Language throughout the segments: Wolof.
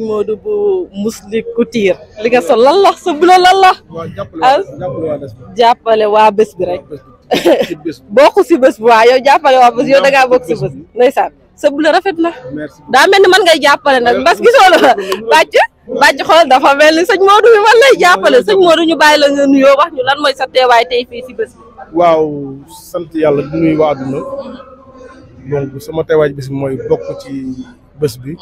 sëñ Modou bu musli couture li nga sol lan la sa bula lan la jàppale waa bés bi rek bokku si bés bi waa yow jàppale waa bés yow da ngaa bokk si bés ndeysaan sa bula rafet na daa mel ni man ngay jàppale nag mbas gisoo la bàcc bàcc xool dafa mel ni sëñ bi man lay jàppale sëñ ñu bàyyi la nga wax ñu lan mooy sa teewaay tey fii si bés waaw sant yàlla di nuyu waa àdduna donc sama teewaay bis mooy bokk ci bës bi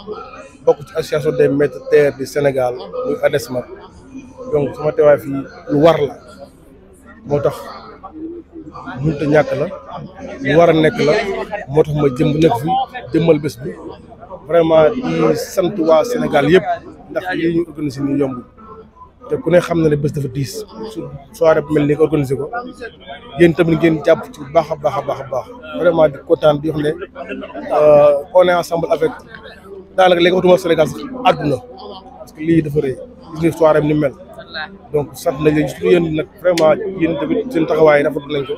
bokk ci association des maîtres tailleurs du Sénégal muy ADESMAT donc sama teewaay fii lu war la moo tax mënut a ñàkk la lu war a nekk la moo tax ma jëm nekk fi jëmmal bés bi vraiment di sant Sénégal yëpp ndax li ñu organisé nii yombul. te ku ne xam na ne bés dafa diis su soirée bu mel nii organisé ko yéen tamit ngeen ci bu baax a baax a baax a baax vraiment di kontaan di wax ne euh, on est ensemble avec daanaka léegi waxtuma Sénégal sax àdduna parce que lii dafa rëy gis nga ni mel donc sant nañ leen surtout yéen nag vraiment yéen tamit seen taxawaay rafetlu nañ ko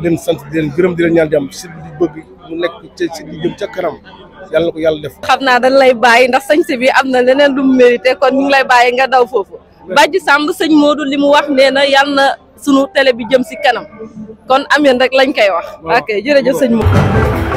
di leen sant di leen ñaan jàmm si di bëgg mu nekk ci si di jëm ca kanam yàlla na ko yàlla def. xam naa dañ bi am na leneen lu mu mérité kon ñu ngi lay bàyyi nga daw foofu. Badji Samb sëñ Modou li mu wax nee na yal na sunu télé bi jëm si kanam kon ameen rek lañ koy wax. ok jërëjëf sëñ Modou.